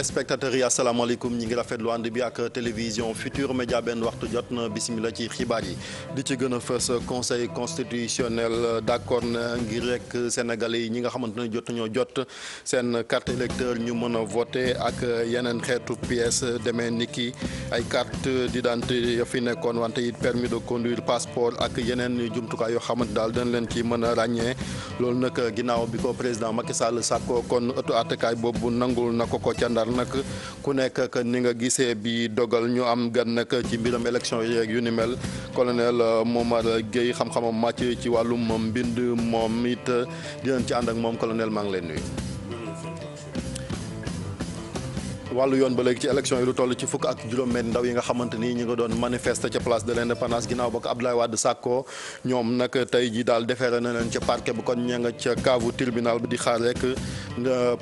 téléspectateurs yi asalaamaaleykum ñi ngi rafetlu ànd bi ak télévision Futur Média benn waxtu jot na bisimilah ci xibaar yi di ci gën a fës conseil constitutionnel d'accord na ngir rek sénégalais yi ñi nga xamante ne jot ñoo jot seen carte électeur ñu mën a voter ak yeneen xeetu pièce demee ni ki ay carte d'identité yoo fi nekkoon wante it permis de conduire passeport ak yeneen jumtukaay yoo xamante daal dañ leen ci mën a ràññee loolu nag ginnaaw bi ko président Macky Sall sàkkoo kon ëttu àttekaay boobu nangul na ko ko ca nag ku nekk ak ni nga gisee bi dogal ñu am gan nag ci mbiram élection yeeg yu ni mel colonel Momar Gueye xam-xamam màcc ci wàllum mbind moom it dinañ ci ànd ak moom colonel maa ngi leen nuyu. wàllu yoon ba léegi ci élection yi lu toll ci fukk ak juróom-benn ndaw yi nga xamante ni ñi nga doon manifester ca place de l'indépendance ginnaaw ba ko Abdoulaye Wade sàkkoo ñoom nag tey ji daal defeere na leen ca parquet bu kon ña nga ca kaavu tribunal bi di xaar rek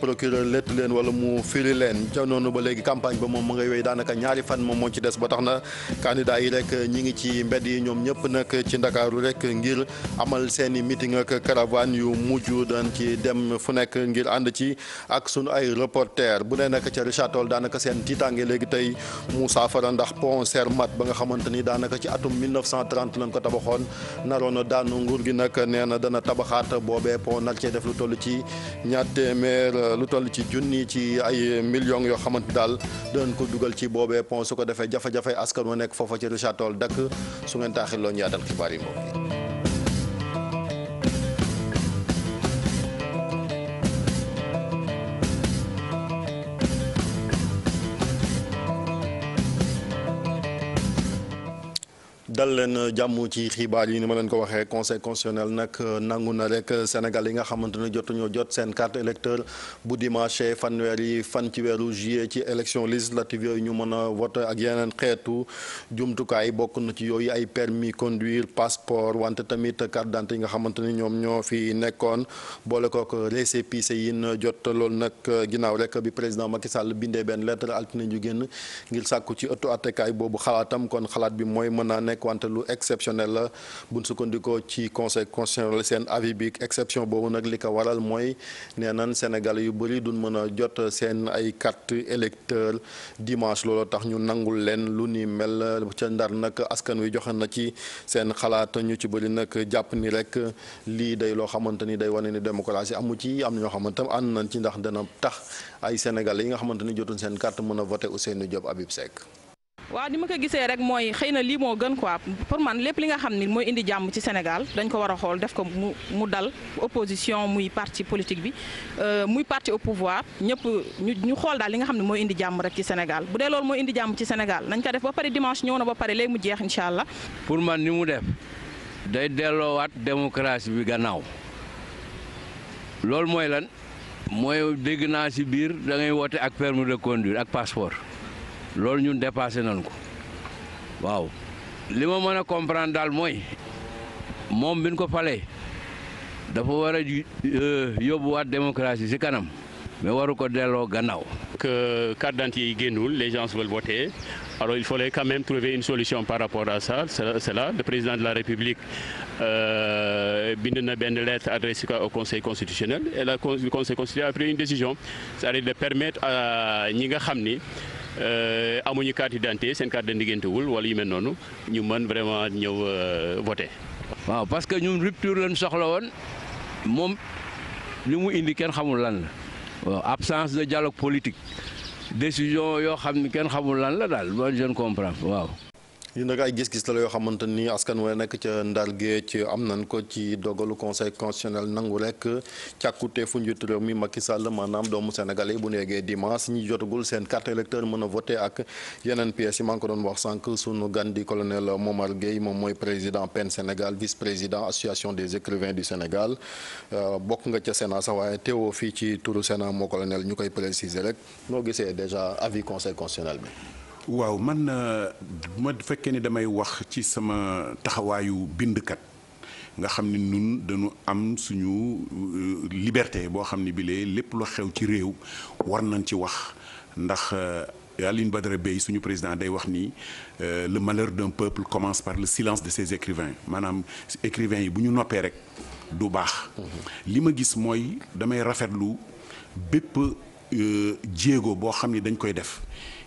procureur lett leen wala mu firi leen ca noonu ba léegi campagne ba moom mu ngay wéy daanaka ñaari fan moom moo ci des ba tax na candidat yi rek ñi ngi ci mbedd yi ñoom ñëpp nag ci ndakaaru rek ngir amal seeni i meeting ak caravane yu mujj daan ci dem fu nekk ngir ànd ci ak sunu ay reporter bu ne nag ca Richard Toll daanaka seen tiitaange léegi tey mu saafara ndax pont Sermat ba nga xamante ni daanaka ci atum 1930 lañ ko tabaxoon naroon a daanu nguur gi nag nee na dana tabaxaat boobee pont cee def lu toll ci téeméer euh, lu toll ci junni ci ay millions yoo xamante daal dinañ ko dugal ci boobee pont su ko defee jafe-jafe askan wu nekk foofa ci Richard Toll dakk su ngeen taaxil loon yaatal xibaar yi mbokk yi dal leen jàmm ci xibaar yi ni ma leen ko waxee conseil constitutionnel nag euh, nangu na rek Sénégal yi nga xamante ne ñoo jot seen carte électeur bu dimanche fanweer yi fan ci weeru juillet ci élection législative yooyu ñu mën a vote ak yeneen xeetu jumtukaay bokk na ci yooyu ay permis conduire passeport wante tamit carte d'identité yi nga xamante ni ñoom ñoo fi nekkoon boole kook récépissé yi jot loolu nag ginnaaw rek bi président Macky Sall bindee benn lettre altine ju génn ngir wante lu exceptionnel la buñ sukkandikoo ci conseil la seen avis bi exception boobu nag li ko waral mooy nee nan Sénégal yu bëri duñ mën a jot seen ay carte électeur dimanche loolu tax ñu nangul leen lu ni mel ca ndar nag askan wi joxe na ci seen xalaat ñu ci bëri nag jàpp nii rek lii day loo xamante ni day wane ni démocratie amu ci am ñoo xamante ne ànd nañ ci ndax dana tax ay Sénégalais yi nga xamante ni jotuñ seen carte mën a voté Ousseynou Diop Habib Seck waaw ni ma ko gisee rek mooy xëy na lii moo gën quoi pour man lépp li nga xam ni mooy indi jàmm ci Sénégal dañ ko war a xool def ko mu mu dal opposition muy parti politique bi euh, muy parti au pouvoir ñëpp ñu ñu xool daal li nga xam ne mooy indi jàmm rek ci Sénégal bu dee loolu mooy indi jàmm ci Sénégal nañ ko def ba pare dimanche ñëw na ba pare léegi mu jeex incha allah. pour man ni mu def day delloowaat démocratie bi gannaaw loolu mooy lan mooy dégg naa si biir da ngay ak permis de conduire ak passeport. loolu ñun dépassé nañ ko waaw li ma mën a comprendre daal mooy moom bi ñu ko falee dafa war a euh, yóbbuwaat démocratie ci kanam mais waru ko delloo gannaaw. que carte d'identité yi génnul les gens veulent voter alors il fallait quand trouver une solution par rapport à ça cela le président de la République euh, bind na benn lettre adressée au Conseil constitutionnel et le Conseil constitutionnel a une décision cest à de permettre à ñi nga xam ni. Euh, amuñu carte d'identité seen carte de ndiggantewul wala yu mel noonu ñu man vraiment ñëw euh, voter. waaw parce que ñun rupture lañ soxla woon moom li mu indi kenn xamul lan la waaw absence de dialogue politique décision yoo xam ni kenn xamul lan la daal bon je comprends waaw. li nag ay gis-gis la yoo xamante ni askan wa nekk ca ndar ci am nañ ko ci dogalu conseil constitutionnel nangu rek càkkute fu njiitu réew mi Macky Sall maanaam doomu Sénégal yi bu ñu yeggee dimanche ñi jotagul seen carte électeur mën a voté ak yeneen pièces yi maa ngi ko doon wax sànq sunu gan di colonel Momar Gueye moom mooy président PEN Sénégal vice président association des écrivains du Sénégal euh, bokk nga ca Sénat sax waaye teewoo fii ci turu Sénat moo colonel ñu koy préciser rek noo gisee déjà avis conseil constitutionnel bi. waaw man na euh, ma fekkee ni damay wax ci sama taxawaayu bindkat nga xam ni ñun dañu am suñu euh, liberté boo xam ni bilee lépp lu xew ci réew war nañ ci wax ndax euh, Aline Badara Bey suñu président day wax ni le malheur d'un peuple commence par le silence de ses écrivains maanaam écrivains yi bu ñu noppee rek du baax mm-hmm. li ma gis mooy damay rafetlu bépp jéego boo xam ni dañ koy def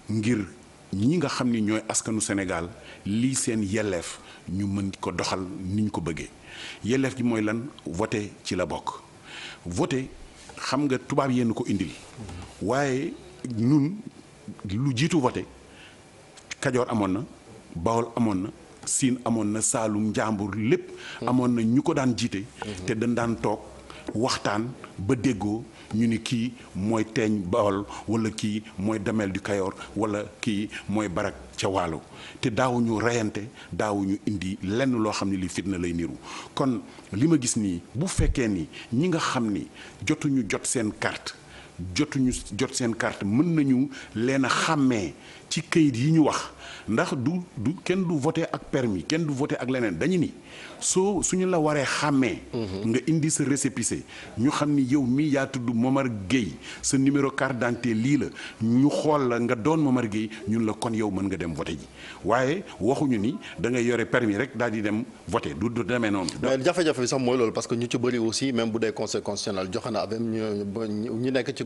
ngir ñi nga xam ni ñooy askanu Sénégal li seen yelleef ñu mën ko doxal niñ ko bëggee yelleef gi mooy lan voté ci la bokk voté xam nga tubaab yenn ko indil waaye nun lu jiitu wote Kajoor amoon na Bawol amoon na Siin amoon na Saalum Njàmbur lépp hmm. amoon na ñu ko daan jiite hmm. te dañ daan toog waxtaan ba déggoo ñu ni kii mooy teeñ Bawol wala kii mooy dameel du Kayoor wala kii mooy barag ca waalo te daawuñu reyante daawuñu indi lenn loo xam ne li fitna lay niru kon li ma gis nii bu fekkee ni ñi nga xam ni jotuñu jot seen carte jotuñu jot seen carte mën nañu leen a xàmmee ci kayit yi ñu wax ndax du du kenn du voté ak permis kenn du voté ak leneen dañu ni soo su ñu la waree xàmmee. Mhm. nga indi sa récépissé ñu xam ni yow mii yaa tudd Momar Gueye sa numéro carte d'identité lii la ñu xool la nga doon Momar Gueye ñun la kon yow mën nga dem voté ji waaye waxuñu ni da ngay yore permis rek daal di dem voté du demee noonu. mais jafe-jafe bi sax mooy loolu parce que ñu ci bëri aussi même bu dee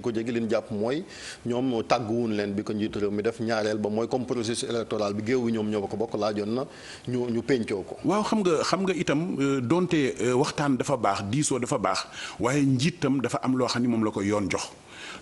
ko jege leen jàpp mooy ñoom tàgg tàgguwun leen bi ko njiitu réew mi def ñaareel ba mooy comme processus électoral bi géewu ñoom ñoo ko bokk laajoon na ñu ñu ko. waaw xam nga xam nga itam euh, donte euh, waxtaan dafa baax diisoo dafa baax waaye njiitam dafa am loo xam ni moom la ko yoon jox.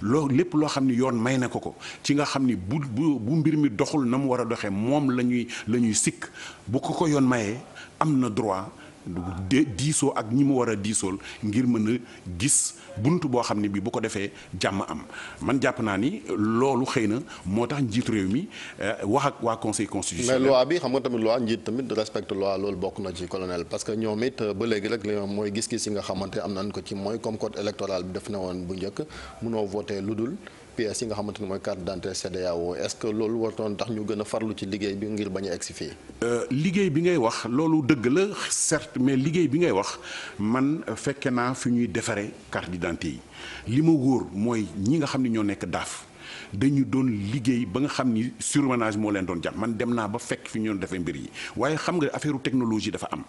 loo lépp loo xam ni yoon may na ko ko ci nga xam ni bu bu bu mbir mi doxul na mu war a doxee moom la ñuy la ñuy sikk bu ko ko yoon mayee am na droit. de diisoo ak ñi mu war a diisool ngir mën a gis bunt boo xam ne bi bu ko defee jàmm am man jàpp naa ni loolu xëy na moo tax njiitu réew mi euh, wax ak waa conseil constitutionnel. mais loi bi xam nga tamit loi njiit tamit respecte loi loolu bokk na ci colonel parce que ñoom it euh, ba léegi rek li mooy gis-gis yi nga xamante am nañ ko ci mooy comme code électoral bi def na woon bu njëkk munoo voté lu dul. pièces yi nga xamante ne mooy carte d'identité CEDEAO est-ce que loolu wartoon tax ñu gën a farlu ci liggéey bi ngir bañ a egsi fii. Euh, liggéey bi ngay wax loolu dëgg la certes mais liggéey bi ngay wax man fekke naa fi ñuy defaree carte d'identité yi li ma wóor mooy ñi nga xam ne ñoo nekk daaf. dañu doon liggéey ba nga xam ni surmenage moo leen doon jàpp man dem naa ba fekk fi ñu doon defee mbir yi waaye xam nga affaire technologie dafa am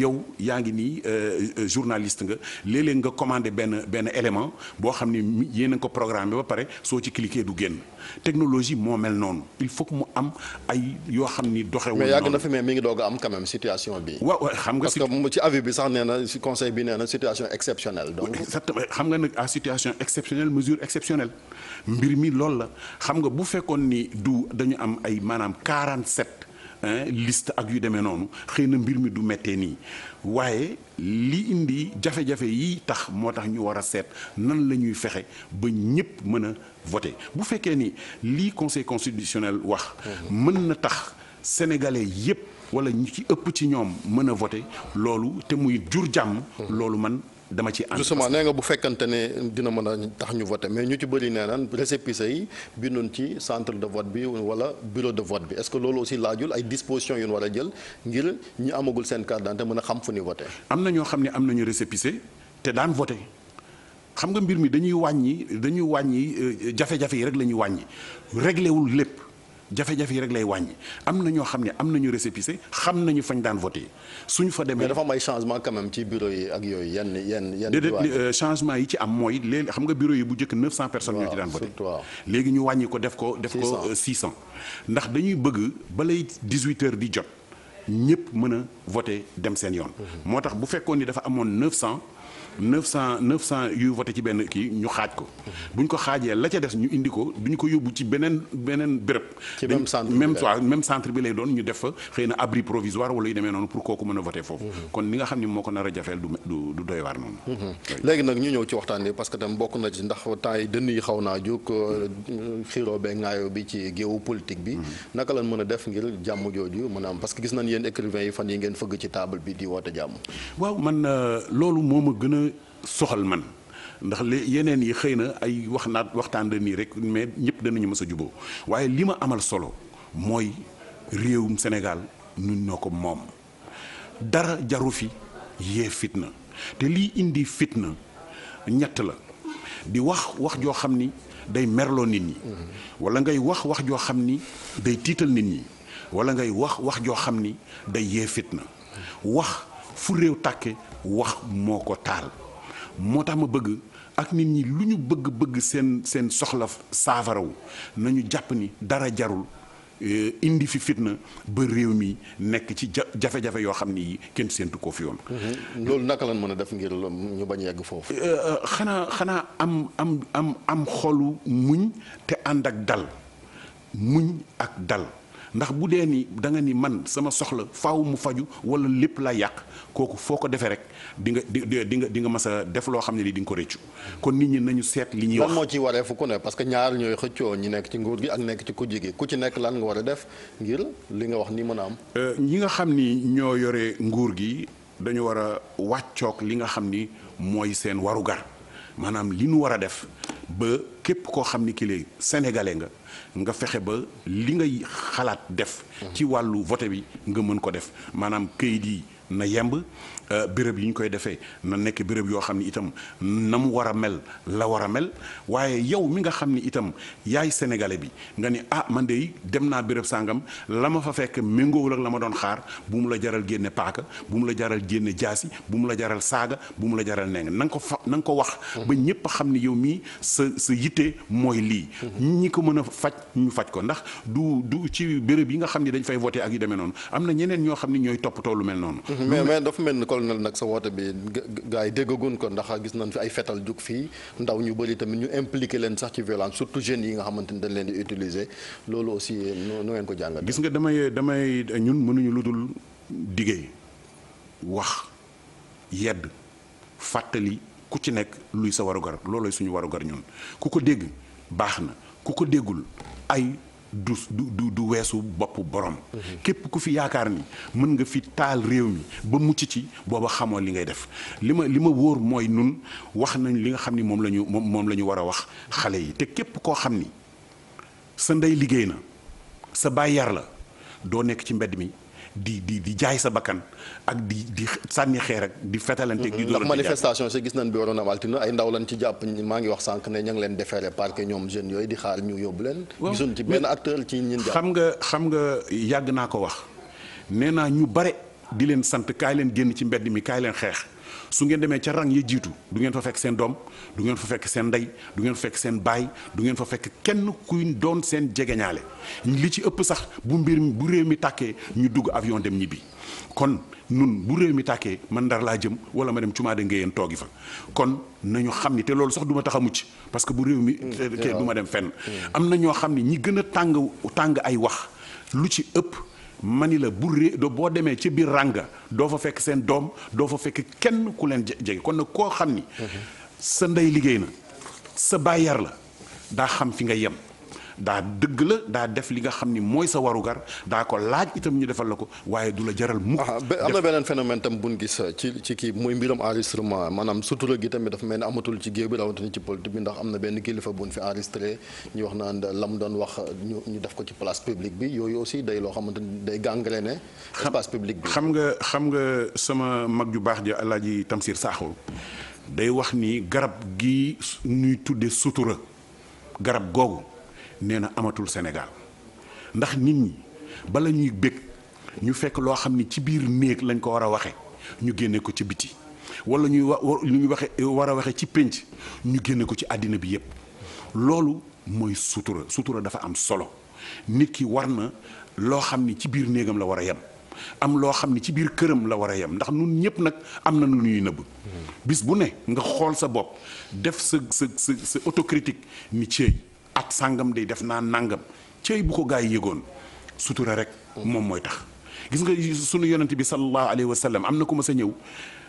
yow yaa ngi nii euh, euh, journaliste nga léeg-léeg nga commandé benn benn élément boo xam ni yéen a ko programme ba pare soo ci cliquer du génn technologie moo mel noonu il faut que mu am ay yoo xam ni doxewul mais yàgg na fi mais mi ngi doog am quand situation bi. waaw xam nga parce que ci avis bi sax nee na si conseil bi nee na situation exceptionnelle. donc exactement xam nga nag à situation exceptionnelle mesure exceptionnelle mbir mi xam nga bu fekkoon ni du dañu am ay maanaam 47 liste ak yu demee noonu xëy na mbir mi du méttee nii waaye li indi jafe-jafe yi tax moo tax ñu war a seet nan la ñuy fexe ba ñëpp mën a voter bu fekkee ni lii conseil constitutionnel wax. Mhm. mën na tax sénégalais yëpp wala ñu ci ëpp ci ñoom mën a voter loolu te muy jur jàmm. Mhm. loolu man. dama ci ànd. justement nee nga bu fekkante ne dina mën a tax ñu voté mais ñu ci bëri nee naan récépissé yi bindoon ci centre de vote bi wala bureau de vote bi est ce que loolu aussi laajul ay dispositions yu ñu war a jël ngir ñi amagul seen carte d'identité mën a xam fu ñuy voté. am na ñoo xam ne am nañu récépissé te daan voté. xam nga mbir mi dañuy wàññi dañuy wàññi euh, jafe-jafe yi rek la ñuy wàññi réglé wul lépp jafe-jafe yi rek lay wàññi am na ñoo xam ne am na ñu récépissé xam nañu fañ daan voté suñu fa demee. mais dafa am ay changement quand ci bureau yi ak yooyu yenn yenn yenn. déedéet euh, changement yi ci am mooy léegi xam nga bureau yi bu njëkk 900 personnes. ñoo ci daan voté léegi ñu wàññi ko def ko def ko 600. Euh, ndax dañuy bëgg balay 18 heures di jot ñëpp mën a voté dem seen yoon. Mm-hmm. moo tax bu fekkoon ni dafa amoon 900. neuf cent neuf cent yu voté ci benn kii ñu xaaj ko bu ñu ko xaajee la ca des ñu indi ko du ñu ko yóbbu ci beneen beneen béréb même soit centre bi lay doon ñu def fa xëy na abri provisoire wala yu demee noonu pour kooku mën a voté foofu mhm. kon li nga xam ni moo ko nar a jafeel du du doy waar noonu mhm. léegi nag ñu ñëw ci waxtaan bi parce que tam bokk na ci ndax temps yi dënn yi xaw naa jóg euh, xiroo bee ŋaayoo bi ci géewu politique bi mhm. naka lan mën a def ngir jàmm jooju mën a am parce que gis nañ yéen écrivain yi fan yi ngeen bi soxal man ndax li yeneen yi xëy na ay wax naat waxtaan de nii rek mais ñëpp danañu mës a juboo waaye li ma amal solo mooy réewum Sénégal nun ñoo ko moom dara jaru fi yee fitna te lii indi fitna ñett la di wax wax joo xam ni day merloo nit ñi wala ngay wax wax joo xam ni day tiital nit ñi wala ngay wax wax joo xam ni day yee fitna wax fu réew tàkke wax moo ko taal moo tax ma bëgg ak nit ñi lu ñu bëgg bëgg seen seen soxla saafarawu nañu jàpp ni dara jarul eh, indi fi fitna ba réew mi nekk ci jafe-jafe yoo xam ni kenn séntu ko fi yoon mm-hmm. loolu naka lan mën a def ngir ñu bañ yegg foofu. Eh, eh, xanaa xanaa am am am am xolu muñ te ànd ak dal muñ ak dal. ndax bu dee ni da nga ni man sama soxla faaw mu faju wala lépp la yàq kooku foo ko defee rek di nga di di nga di nga mas a def loo xam ne lii di nga ko réccu kon nit ñi nañu seet li ñuy wax lan moo ci waree fu ku ne parce que ñaar ñooy xëccoo ñi nekk ci nguur nekk ci kujje gi ku ci nekk lan nga war a def ngir li nga wax nii mën a am euh, ñi nga xam ni ñoo yore nguur gi dañu war a wàccoog li nga xam ni mooy seen warugar maanaam li ñu war a def ba yépp koo xam ni ki lay sénégalais nga nga fexe ba li ngay xalaat def. ci wàllu vote bi nga mën ko def maanaam kayit yi na yemb Euh, béréb yi ñu koy defee na nekk béréb yoo xam ni itam na mu war a mel la war a mel waaye yow mi nga xam ne itam yaay sénégalais bi nga ni ah man de dem naa béréb sàngam la ma fa fekk méngoowul ak la ma doon xaar bu mu la jaral génne paaka bu mu la jaral génne jaasi bu mu la jaral saaga bu mu la jaral neng na nga ko fa na nga ko wax. Mm-hmm. ba ñëpp xam ni yow mii sa sa yitte mooy lii. Mm-hmm. ñi ko mën a faj ñu faj ko ndax du du ci béréb yi nga xam ni dañ fay voté ak yu demee noonu am na ñeneen ñoo xam ni ñooy lu mel noonu. Mm-hmm. toll na nag sa woote bi gars yi déggagun ko ndax gis na ay fetal jug fii ndaw ñu bëri tamit ñu impliqué leen sax ci violence surtout jeunes yi nga xamante ni dañ leen di utiliser loolu aussi nu ngeen ko jànga jàngal gis nga damay damay ñun mënuñu lu dul diggéey wax yedd fàttali ku ci nekk luy sa warugar loolooy suñu warugar ñun ku ko dégg baax na ku ko déggul ay du du du weesu boppu borom. képp ku fi yaakaar ni mën nga fi taal réew mi ba mucc ci booba xamoon li ngay def li ma li ma wóor mooy nun wax nañ li nga xam ni moom lañu moom moom la ñu war a wax xale yi te képp koo xam ni sa ndey liggéey na sa baay yar la doo nekk ci mbedd mi. di di di jaay sa bakkan ak di di sànni xeer ak di fetalante ak di mm-hmm. door ndax manifestation se gis nañ bi waroon am altine ay ndaw lañ ci jàpp maa ngi wax sànq ne ña ngi leen defeere parce que ñoom jeunes yooyu di xaar ñu yóbbu leen gisuñ ci benn acteur ci ñin jàpp xam nga xam nga yàgg naa ko wax nee naa ñu bare di leen sant kaay leen génn ci mbedd mi kaay leen xeex su ngeen demee ca rang yi jiitu du ngeen fa fekk seen doom du ngeen fa fekk seen ndey du ngeen fa fekk seen baay du ngeen fa fekk kenn kuy doon seen jegeñaale li ci ëpp sax bu mbir bu réew mi tàkkee ñu dugg avion dem ñibbi kon nun bu réew mi tàkkee man ndar laa jëm wala ma dem cumaade ngéyeen toogi fa kon nañu xam ni te loolu sax du ma tax a mucc parce que bu réew mi mm. kee du ma dem fenn mm. am na ñoo xam ne ñi gën a tàng tàng ay wax lu ci ëpp mani la bu ré boo demee ca biir rànga doo fa fekk seen doom doo fa fekk kenn ku leen jege kon nag koo xam ni mhm. sa ndey liggéey na sa baay la daa xam fi nga yem daa dëgg la daa def li nga xam ni mooy sa warugar daa ko laaj itam ñu defal la ko waaye du la jaral mukk am na beneen phénomène tam buñ gis uh, ci ci kii muy mbiram enregistrement maanaam sutura gi tamit dafa mel ni amatul ci géew bi rawatina ci politique bi ndax am na benn kilifa buñ ñu wax naan lam doon wax ñu ñu def ko ci place publique bi yooyu aussi day loo xamante ni day ne espace public bi xam nga xam nga sama mag ju baax ja Alaaji Tamsir Saaxo day wax nii garab gi ñuy tudde sutura garab googu nee na amatul Sénégal ndax nit ñi bala ñuy bëgg ñu fekk loo xam ni ci biir néeg lañ ko war a waxe ñu génne ko ci biti wala ñuy wa war a waxe ci pénc ñu génne ko ci àddina bi yépp loolu mooy sutura sutura dafa am solo nit ki war na loo xam ni ci biir néegam la war a yem am loo xam ni ci biir këram la war a yem ndax nun ñëpp nag am na nu ñuy nëbb hmm. bis bu ne nga xool sa bopp def sa sa sa sa autocritique ni ceey sàngam day def naa nàngam cey bu ko gaa yi yëgoon sutura rek moom mooy tax gis nga sunu yonent bi sallallahu alayhi wa sallam am na ku ma sa ñëw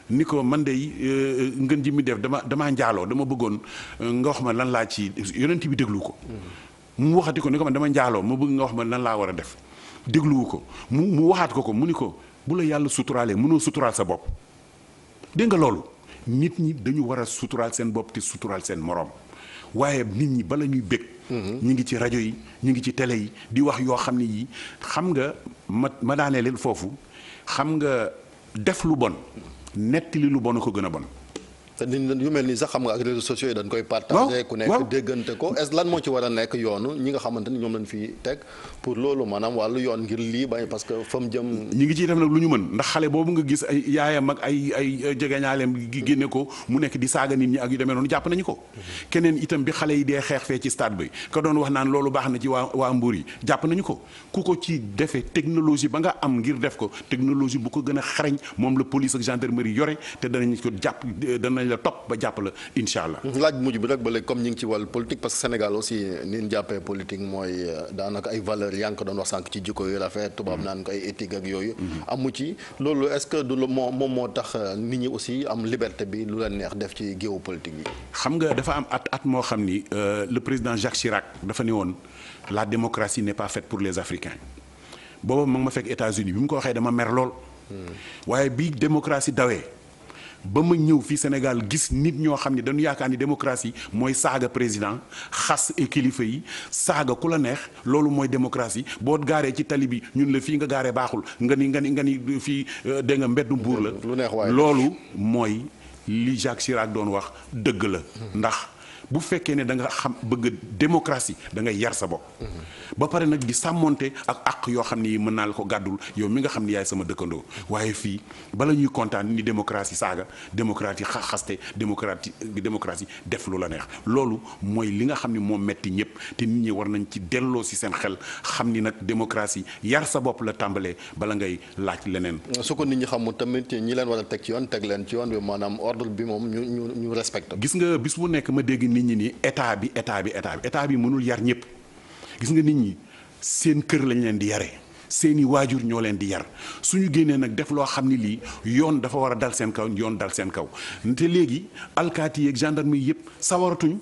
ni ko man de eh, ngën ji mi def dama damaa njaaloo dama bëggoon eh, nga wax ma lan laa ci yonent bi déglu ko mu ko ni ko man njaaloo ma bëgg nga ma lan laa war a def dégluwu ko mu mu waxaat ko ko mu ni ko bu la yàlla suturaalee mënoo suturaal sa bopp dégg nga loolu nit ñi dañu war a suturaal seen bopp te suturaal seen moroom waaye nit ñi bala ñuy bëgg ñu ngi ci rajo yi ñu ngi ci télé yi di wax yoo xam ne yii xam nga ma ma daanee foofu xam nga def lu bon nettali lu bon ko gën a bon. te yu mel nii sax xam nga ak réseaux sociaux yi dañ koy partagé ku nekk déggante ko est lan moo ci war a nekk yoonu ñi nga xamante ni ñoom lañ fi teg pour loolu maanaam wàllu yoon ngir lii bañ parce que fa mu jëm ñi ngi ciy def nag lu ñu mën ndax xale boobu nga gis ay yaayam ak ay ay jegeñaaleem gi génne ko mu nekk di saaga nit ñi ak yu demee noonu jàpp nañu ko keneen itam bi xale yi dee xeex fee ci stade bi ka doon wax naan loolu baax na ci waa waa mbuur ko ku ko ci defee technologie ba nga am ngir def ko technologie bu ko gën a xarañ moom la police ak gendarmerie yore te danañ ko jàpp danañ la topp ba jàpp la incha allah. Mmh, laaj bu mujj bi rek ba léegi comme ñu ci wàllu politique parce Sénégal aussi ni jàppee politique mooy euh, daanaka ay valeurs yaa ko doon wax sànq ci jikko yu rafet. Mmh. tubaab naan ko ay éthique ak yooyu. Mmh. amu ci loolu est-ce que du moo moom moo tax euh, nit ñi aussi am liberté bi lu la neex def ci géopolitique bi. xam nga dafa am at at moo xam ni euh, le président Jacques Chirac dafa ne woon la démocratie n'est pas faite pour les Africains booba ma ma fekk États-Unis bi mu ko waxee dama mer lool. waaye ba ma ñëw fii Sénégal gis nit ñoo xam ne dañu yaakaar ni démocratie mooy saaga président xas e kilifa yi saaga ku la neex loolu mooy démocratie boo gaaree ci tali bi ñun la fii nga gaaree baaxul nga ni nga ni nga fii euh, dégg nga mbeddu mbuur la. loolu mooy li Jacques Chirac doon wax dëgg la hmm. ndax. bu fekkee ne da nga xam bëgg démocratie da ngay yar sa bopp. ba pare nag di sàmmonte ak àq yoo xam ne yi mën naa la ko gàddul yow mi nga xam ne yaay sama dëkkandoo waaye fii bala ñuy kontaan ni démocratie saaga démocratie xaxaste démocratie démocratie def lu la neex loolu mooy li nga xam ni moo metti ñëpp te nit ñi war nañ ci delloo si seen xel xam ni nag démocratie yar sa bopp la tàmbalee bala ngay laaj leneen. su ko nit ñi xamul tamit ñi leen war a teg ci yoon teg leen ci yoon bi ñu ñu ñu respecté. gis nga bis bu nekk ma nit ñi ni état bi état bi état bi état bi mënul yar ñëpp gis nga nit ñi seen kër lañ leen di yare seeni waajur ñoo leen di yar suñu génnee nag def loo xam ne lii yoon dafa war a dal seen kaw yoon dal seen kaw te léegi alkaati yeeg gendarmerie yëpp sawaratuñ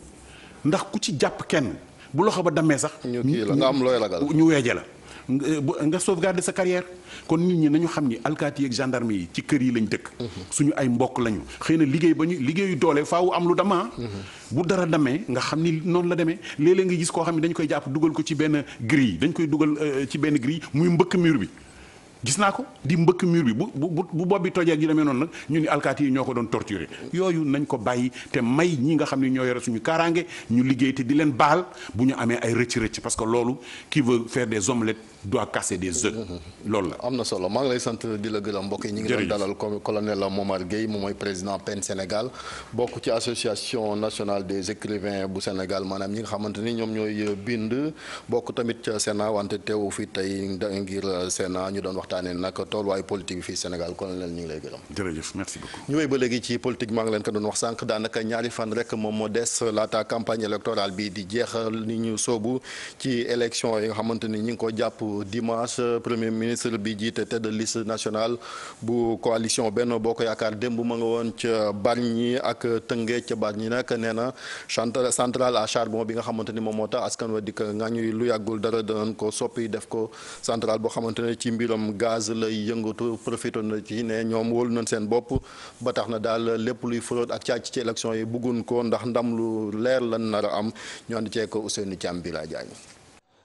ndax ku ci jàpp kenn bu loxo ba dammee sax. ñu kii am looy ragal ñu weeje la. nga eh, de sa carrière kon nit ñi nañu xam ni alkaati yeeg gendarme yi ci kër yi lañ dëkk. Mhm. suñu ay mbokk lañu xëy na liggéey ba ñu liggéeyu doole faawu am lu dama mhm. bu dara demee nga xam ni noonu la demee léeg nga gis koo xam ne dañ koy jàpp dugal ko ci benn grille dañ koy dugal eh, ci benn grille muy mbëkk mur bi. gis naa ko di mbëkk mur bi bu bu bu bopp bi tojee ak yu noonu nag ñu ni alkaati yi ñoo ko doon torturer yooyu nañ ko bàyyi te may ñi nga xam ne ñoo yore suñu ñu liggéey te di leen bu ñu amee ay rëcc rëcc parce que loolu qui des omelettes doit casser des œufs. loolu la am na solo maa ngi lay sant di la gërëm mbokk yi ñu ngi doon dalal colonel Momar Gueye moom mooy président PEN Sénégal bokk ci association nationale des écrivains bu Sénégal maanaam ñi nga xamante ni ñoom ñooy euh, bind bokk tamit ca Sénat wante teewu fii tey ngir euh, Sénat ñu doon waxtaanee nag tooluwaayu politique fii Sénégal colonel ñu ngi lay gërëm. ñu wéy ba ci politique maa ngi leen ko doon wax sànq daanaka ñaari fan rek moom moo dimanche premier ministre bi jiite tête de liste nationale bu coalition boo ko Yaakaar démb ma nga woon ca Bargny ak Tëngéej ca Bargny nag nee na centrale à charbon bi nga xamante ni moom moo tax askan wa dikk nga ñuy lu yàggul dara danañ ko soppi def ko centrale boo xamante ne ci mbiram gaz lay yëngatu profité na ci ne ñoom wóolu nañ seen bopp ba tax na daal lépp luy fraude ak càcc ci élection yi bëgguñ ko ndax ndam lu leer lan nara am ñu ànd ceeg Ousseynou bi laa jaay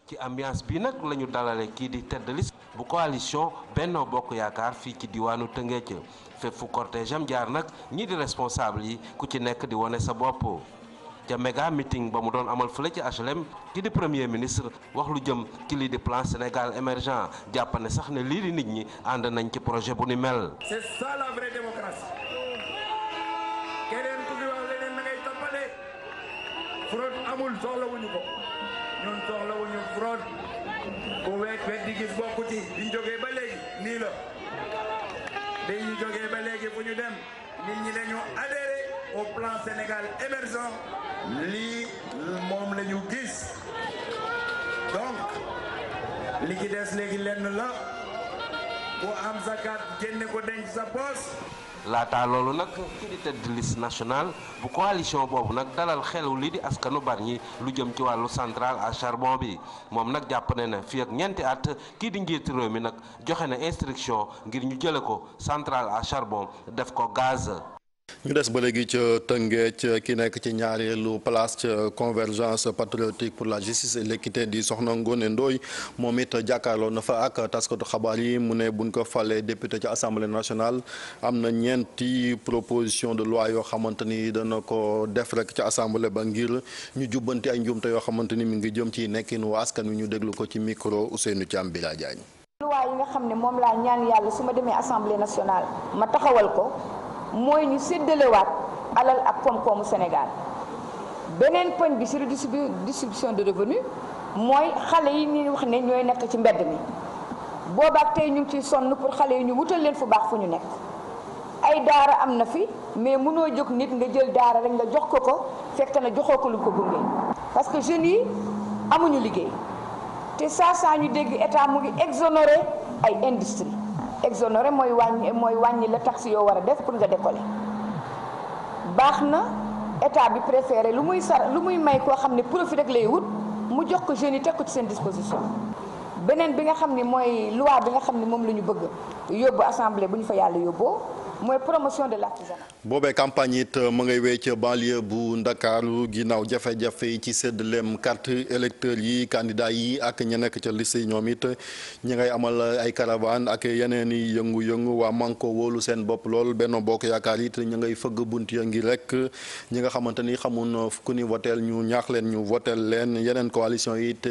ci ambiance bi nag la ñu dalale kii di tête bu coalition Benno Bokk Yaakaar fii ci diwaanu Tëngéej fépp fu cortège am jaar nag ñii di responsable yi ku ci nekk di wane sa bopp ca méga meeting ba mu doon amal fële ci HLM ki di premier ministre wax lu jëm ci lii di plan Sénégal émergent jàpp ne sax ne lii di nit ñi ànd nañ ci projet bu ni mel. ñun soxlawuñu fraude ku wet wet di gis bokku ci biñ jógee ba léegi nii la bi ñu jógee ba léegi fu ñu dem nit ñi dañu adhéré au plan Sénégal émergent lii moom la ñu gis donc li ci des léegi lenn la ku loolu nag ki di tête nationale bu coalition boobu nag dalal xelu li di askanu Bargny lu jëm ci wàllu centrale à charbon bi moom nag jàpp ne na fii ak ñeenti at kii di njiitu réew mi nag joxe na instruction ngir ñu jële ko centrale à charbon def ko gaz ñu des ba léegi ca Tëngéej ki nekk ci ñaareelu place ca convergence patriotique pour la justice et l'équité di soxna Ngoné ndooy moom it jàkkaarloo na fa ak taskatu xabaar yi mu ne buñ ko falee député ci assemblée nationale am na ñeenti proposition de loi yoo xamante ni dana ko def rek ci assemblée ba ngir ñu jubbanti ay njuumte yoo xamante ni mu ngi jëm ci nekkin waa askan wi ñu déglu ko ci micro Ousseynou Thiam Bila Diagne loi yi nga xam ne moom laa mooy ñu séddalewaat alal ak koom-koomu Sénégal beneen poñ bi ci redistribution de revenu mooy xale yi ñuy wax ne ñooy nekk ci mbedd mi boobaak tey ñu ngi ciy sonn pour xale yi ñu wutal leen fu baax fu ñu nekk ay daara am na fi mais munoo jóg nit nga jël daara lañ nga jox ko ko fekk na joxoo ko lu ko gunge parce que jeunes yi amuñu liggéey te saa saa ñu dégg état mu ngi exonéré ay industrie exonéré mooy wàññi mooy wàññi la taxe yoo war a def pour nga décoller baax na état bi préféré lu muy sar lu muy may koo xam ne profit rek lay wut mu jox ko jeunes yi teg ko ci seen disposition beneen bi nga xam ni mooy loi bi nga xam ni moom la ñu bëgg yóbbu assemblée bu ñu fa yàlla yóbboo mooy promotion de l'artisanat boobee campagne it euh, ma ngay wéy ca banlieue bu ndakaaru ginnaaw jafe-jafe yi ci sedd lem carte électeur yi candidat yi ak ña nekk ca liste ñoom it ñi ngay amal ay caravane ak yeneen i yëngu-yëngu waa manko wóolu seen bopp lool benn Bokk Yaakaar it ñu ngay fëgg bunt ya ngi rek ñi nga xamante ni xamun euh, ku ni woteel ñu ñaax leen ñu woteel leen yeneen coalition yi it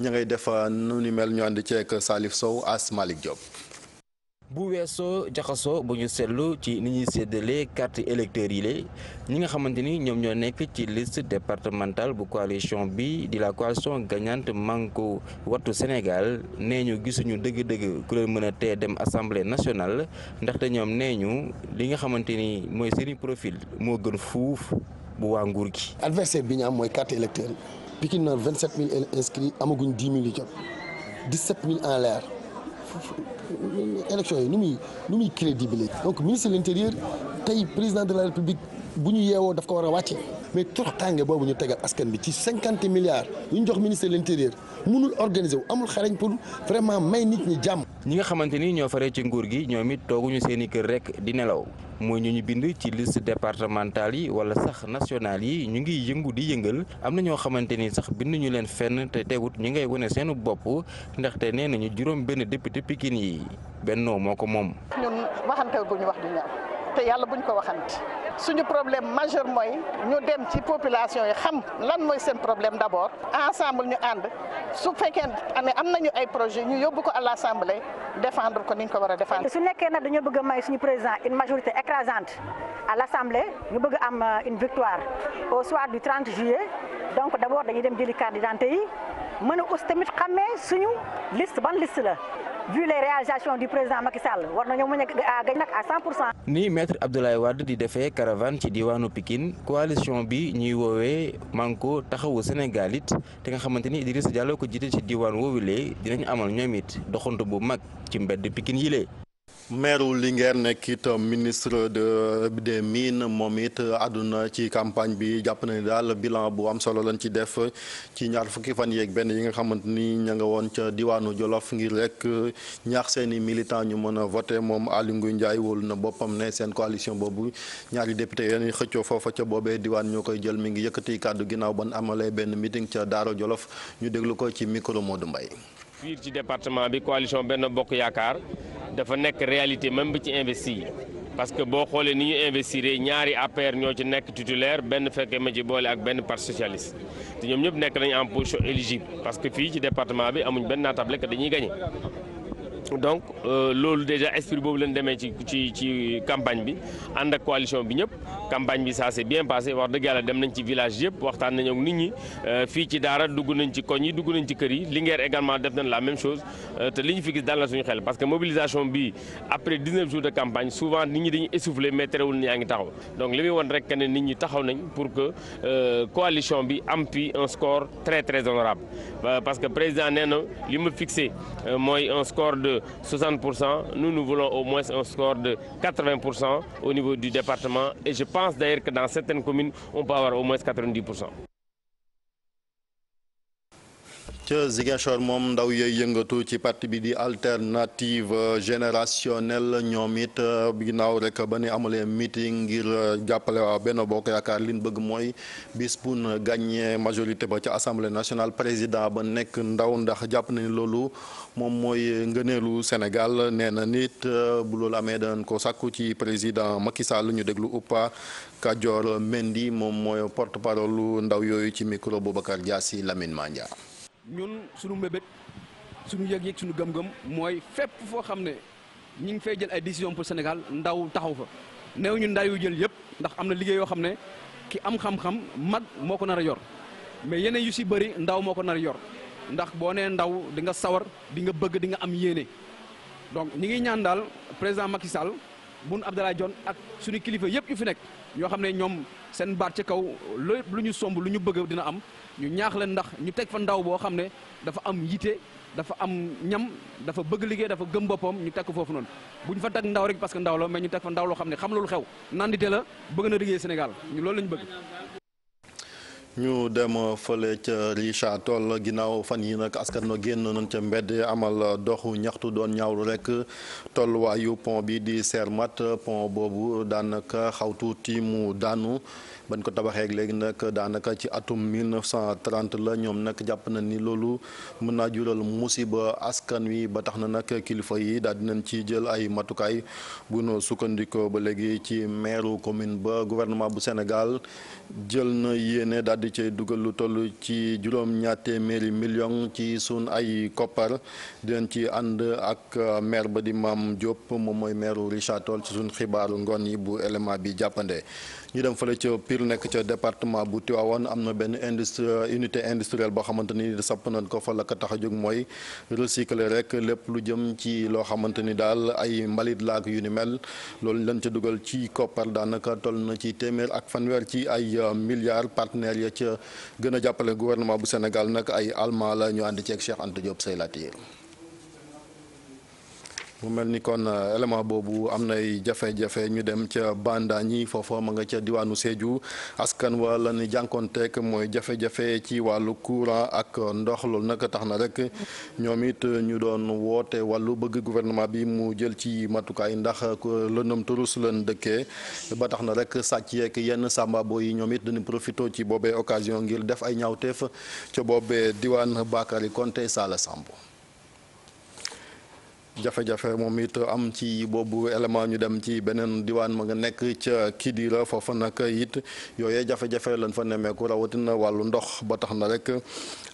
ña ngay def euh, nu ni ñu ànd ceeg Sow as Malick Diop bu weesoo jaxasoo bu ñu seetlu ci ni ñuy séddalee carte électeurs yi lé ñi nga xamante ni ñoom ñoo nekk ci liste départementale bu coalition bi di la coalition gagnante Manko Wattu Sénégal nee ñu gisuñu dëgg-dëgg ku leen mën a tee dem assemblée nationale ndaxte ñoom nee ñu li nga xamante ni mooy seeni profil moo gën fuuf bu waa nguur gi. adversaire bi ñu am mooy carte électeurs yi. Pikine Nord 27000 inscrits amaguñ 10 000 yu jot 17000 élection yi nu muy nu muy crédible donc ministre de l'intérieur tey président de la république bu ñu yeewoo daf ko war a wàcce mais toroxtaange boobu ñu tegal askan bi ci cinquante milliards yu ñu jox ministre de l'intérieur mënul organiser wu amul xarañ pour vraiment may nit ñi jàmm. ñi nga xamante ni ñoo faree ci nguur gi ñoom it tooguñu seen i kër rek di nelaw. mooy ñu ñu bind ci liste départementale yi wala sax nationale yi ñu ngi yëngu di yëngal am na ñoo xamante ni sax bind ñu leen fenn te teewut ñu ngay wane seenu bopp ndaxte nee nañu juróom benn député pikin yi bennoo moo ko moom. ñun bu ñu wax du ñaaw te yàlla bu ñu ko waxante suñu problème majeur mooy ñu dem ci population yi xam lan mooy seen problème d'abord ensemble ñu ànd su fekkee ne am nañu ay projet ñu yóbbu ko à l'assemblée défendre ko ni ñu ko war a défendre. su nekkee nag dañoo bëgg a may suñu président une majorité écrasante à l'assemblée ñu bëgg am euh, une victoire au soir du 30 juillet donc d'abord dañuy dem jëli carte d'identité yi mën a aussi tamit xamee suñu liste ban liste la. vu les du président Macky Sall war nañoo mën a gañ nag à ni maître Abdoulaye Wade di defee caravane ci diwaanu Pikine coalition bi ñuy woowee Manko taxawu Sénégal it te nga xamante ni Idrissa Diallo ko jiite ci diwaan woowulee dinañ amal ñoom it doxantu bu mag ci mbedd pikin yi lee meeru Linguère nekk it ministre de des mines moom it àdduna ci campagne bi jàpp na ni daal bilan bu am solo lañ ci def ci ñaar fukki fan yeeg benn yi nga xamante ni ña nga woon ca diwaanu Jolof ngir rek ñaax seen i militant ñu mën a voté moom Aly Ngouille Ndiaye wóolu na boppam ne seen coalition boobu ñaari député yéen xëccoo foofa ca boobe diwaan ñoo koy jël mi ngi yëkkati kàddu ginnaaw ban amalee benn meeting ca Daaro Jolof ñu déglu ko ci micro Modou Mbaye fii ci département bi coalition benn Bokk Yaakaar dafa nekk réalité même bi ci investi yi parce que boo xoolee ni ñu investir ñaari APR ñoo ci nekk titulaire benn fekkee ma ci boole ak benn parti socialiste te ñoom ñëpp nekk nañu en position éligible parce que fii ci département bi amuñ benn naatable que dañuy gagné. donc euh, loolu déjà esprit boobu lañ demee ci ci ci campagne bi ànd ak coalition bi ñëpp campagne bi ça s'est bien passé wax dëgg yàlla dem nañ ci village yëpp waxtaan nañ nit ñi euh, fii ci daara dugg nañ ci koñ yi dugg nañ ci kër yi Linguère également def nañ la même chose euh, te li ñu fi gis dal na suñu xel parce que mobilisation bi après 19 jours de campagne souvent nit ñi dañuy essoufflé mais terewul ñaa ngi taxaw donc li muy won rek ne nit ñi taxaw bi am fi un score très très honorable de 60%. Nous, nous voulons au moins un score de 80% au niveau du département. Et je que dans certaines communes, ca Ziguinchor moom ndaw yooyu yëngatu ci parti bi di alternative générationnelle ñoom it euh, ginnaaw rek ba ni amalee meeting ngir euh, jàppale waa benn Bokk Yaakaar li bëgg mooy bis bu ñu gagné majorité ba ca assemblée nationale président ba nekk ndaw ndax jàpp nañu loolu moom mooy ngëneelu Sénégal nee na nit euh, bu loolu amee dañ ko sàkku ci président Macky lu ñu déglu Oupa Kadior Mendy moom mooy porte-parole ndaw yooyu ci micro Boubacar Diassi Lamine Mandia. ñun suñu mbébét suñu yëg-yëg suñu gëm-gëm mooy fépp foo xam ne ñi ngi fay jël ay décision pour Sénégal ndaw taxaw fa new ñu ndaw yu jël yëpp ndax am na liggéey yoo xam ne ki am xam-xam mag moo ko nar a yor mais yeneen yu si bëri ndaw moo ko nar a yor ndax boo nee ndaw di nga sawar di nga bëgg di nga am yéene donc ñi ngi ñaan daal président Macky Boun Abdallah Dionne ak suñu kilifa yëpp yu fi nekk ñoo xam ne ñoom seen baat ci kaw lépp lu ñu somb lu ñu bëgg dina am ñu ñaax leen ndax ñu teg fa ndaw boo xam ne dafa am yite dafa am ñam dafa bëgg liggéey dafa gëm boppam ñu teg ko foofu noon bu ñu fa teg ndaw rek parce que ndaw la mais ñu teg fa ndaw loo xam ne xam loolu xew nandite la bëgg na liggéey Sénégal ñu loolu lañu bëgg ñu dem fale ca Richard Toll ginnaaw fan yi nag askan no génn nañ ca mbedd amal doxu ñaxtu doon ñaawlu rek tolluwaayu pont bii di Sermat pont boobu daanaka xaw tuuti mu daanu. bañ ko tabaxee léegi nag daanaka ci atum 1930 la ñoom nag jàpp na ni loolu mën naa jural musiba askan wi ba tax na nag kilifa yi daal dinañ ci jël ay matukaay bu ñu sukkandikoo ba léegi ci maire commune ba gouvernement bu senegal jël na yéene daal di cay dugal lu toll ci juróom-ñaar téeméeri million ci sun ay koppar dinañ ci ànd ak meer ba di maam Diop moom mooy maire Richard Toll ci suñ xibaaru ngoon yi bu élément bi jàppandee ñu dem fële ca Pire nekk ca département bu Tivaouane am na benn industrie unité industrielle boo xamante ni sapp nañ ko fa la ko tax jóg mooy recycler rek lépp lu jëm ci loo xamante ni daal ay mbalit laak yu ni mel loolu lañ ca dugal ci koppar daanaka toll na ci téeméer ak fanweer ci ay euh, milliards partenaires ya ca gën a jàppale gouvernement bu Sénégal nag ay allemand la ñu ànd ceeg Cheikh Anta Diop say laati mu mel ni kon euh, élément boobu am nay jafe-jafe ñu dem ca Bandaañi foofa ma nga ca diwaanu Sédhiou askan wa la ñu tek mooy jafe-jafe ci wàllu courant ak ndox loolu nag tax na rek ñoom it ñu doon woote wàllu bëgg gouvernement bi mu jël ci matukaay ndax lëndëm turus lan dëkkee ba tax na rek sàcc yeeg yenn sàmbabo yi ñoom it dañu profité ci boobee occasion ngir def ay ñaawteef ca boobee diwaan Bakary Konté Sala Samb jafe-jafe moom it am ci boobu élément ñu dem ci beneen diwaan ma nga nekk ca Kidira foofa nag it yooye jafe-jafe lañ fa nemmeeku rawatina wàllu ndox ba tax na rek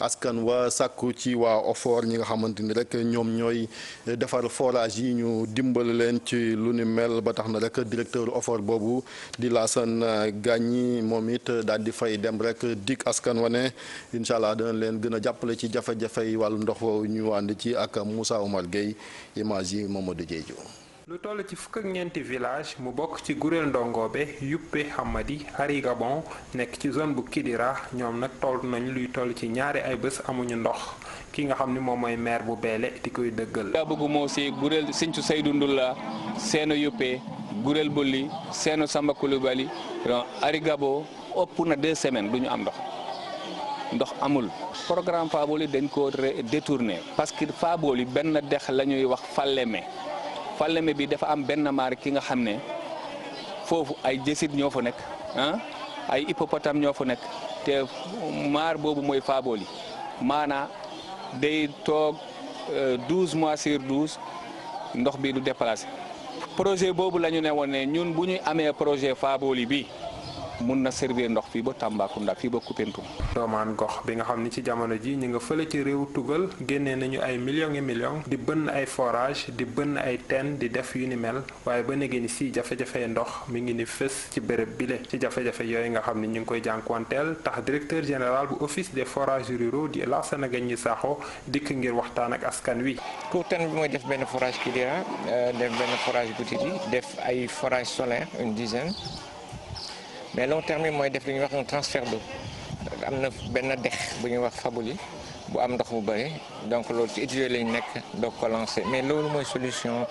askan wa sàkku ci waa Ofor ñi nga xamante ni rek ñoom ñooy defar forage yi ñu dimbali leen ci lu ni mel ba tax na rek directeur Ofor boobu di Lassane Gagny moom it daal di fay dem rek dik askan wa ne incha allah danañ leen gën a jàppale ci jafe-jafe yi wàllu ndox ñu ànd ci ak Moussa Omar image yi Mamadou Diedhiou. lu toll ci fukk ak ñeenti village mu bokk ci Gurel Ndongoobe Yuppe Hamadi Hari Gabon nekk ci zone bu Kidira ñoom nag toll nañ luy toll ci ñaari ay bés amuñu ndox ki nga xam ni moom mooy maire bu beele di koy dëggal. daa bëgg moo si Gurel Sinthiou Seydou la Seeno Yuppe Gurel Bolli Seeno Samba Coulibaly Hari arigabon ëpp na deux semaine du ñu am ndox. ndox amul programme Faboli dañ ko détourné parce que Faboli benn dex la ñuy wax Falleme Falleme bi dafa am benn maar ki nga xam ne foofu ay jësit ñoo fa nekk ah ay hippopotame ñoo fa nekk te maar boobu mooy Faboli maanaa day toog 12 euh, mois sur douze ndox bi du déplacé projet boobu la ñu ne woon ne ñun bu ñu amee projet Faboli bi mun na servir ndox fii ba Tambacounda fii ba Koupentoum. doomaan gox bi nga xam ni ci jamono ji ñu nga fële ci réew tugal génnee nañu ay millions et million di bënn ay forage di bënn ay teen di def yu ni mel waaye ba léegi si jafe-jafe ndox mi ngi ni fës ci bërëb bile ci jafe-jafe yooyu nga xam ni ñu ngi koy jànkuwanteel tax directeur général bu office des forages ruraux di Lassana Gagny Sakho dikk ngir waxtaan ak askan wi. pour Koupentoum bi mooy def benn forage Kidira euh, def benn forage Goutiri def ay forage solaire une mais long terme yi mooy def li ñuy wax un transfert d'eau am na benn dex bu ñuy wax fabuli bu am ndox bu bëri donc loolu ci étudier lañ nekk doog ko lancer mais loolu mooy solution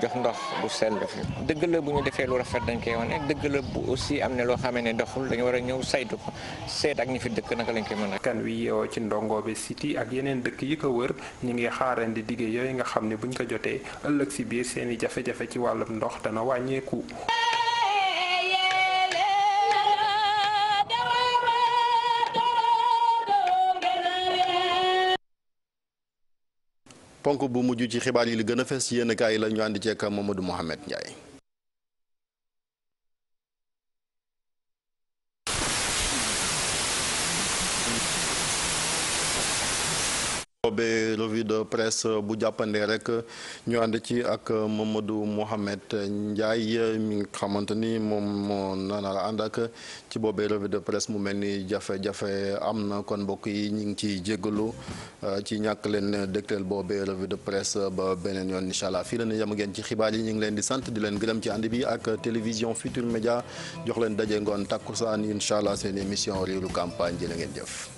jox ndox bu sell fi dëgg la bu ñu defee lu rafet dañ koy wane dëgg la bu aussi am na loo xamee ne doxul dañu war a ñëw saytu ko seet ak ñi fi dëkk naka lañ koy mën a. kan wi yeewoo ci Ndongobe City ak yeneen dëkk yi ko wër ñu ngi xaarandi diggé yooyu nga xam ne buñ ko jotee ëllëg si biir seen i jafe-jafe ci wàllum ndox dana wàññeeku. ponk bu mujj ci xibaar yi li gën a fes yéen a kaay la ñu ànd ceeg Mamadou Mohamed Ndiaye. boobee revue de presse bu jàppandee rek ñu ànd ci ak Mamadou Mohamed Ndiaye mi nga xamante ni moom moo nana ànd ak ci boobe revue de presse mu mel ni jafe-jafe am na kon mbokk yi ñu ngi ciy jéggalu euh, ci ñàkk leen dégteel boobee revue de presse ba beneen yoon incha fii la ñu ngeen ci xibaar yi ñu ngi leen di sant di leen gërëm ci ànd bi ak télévision Futur Média jox leen daje ngoon takkusaan incha allah seen émission réeru campagne ji la ngeen jëf.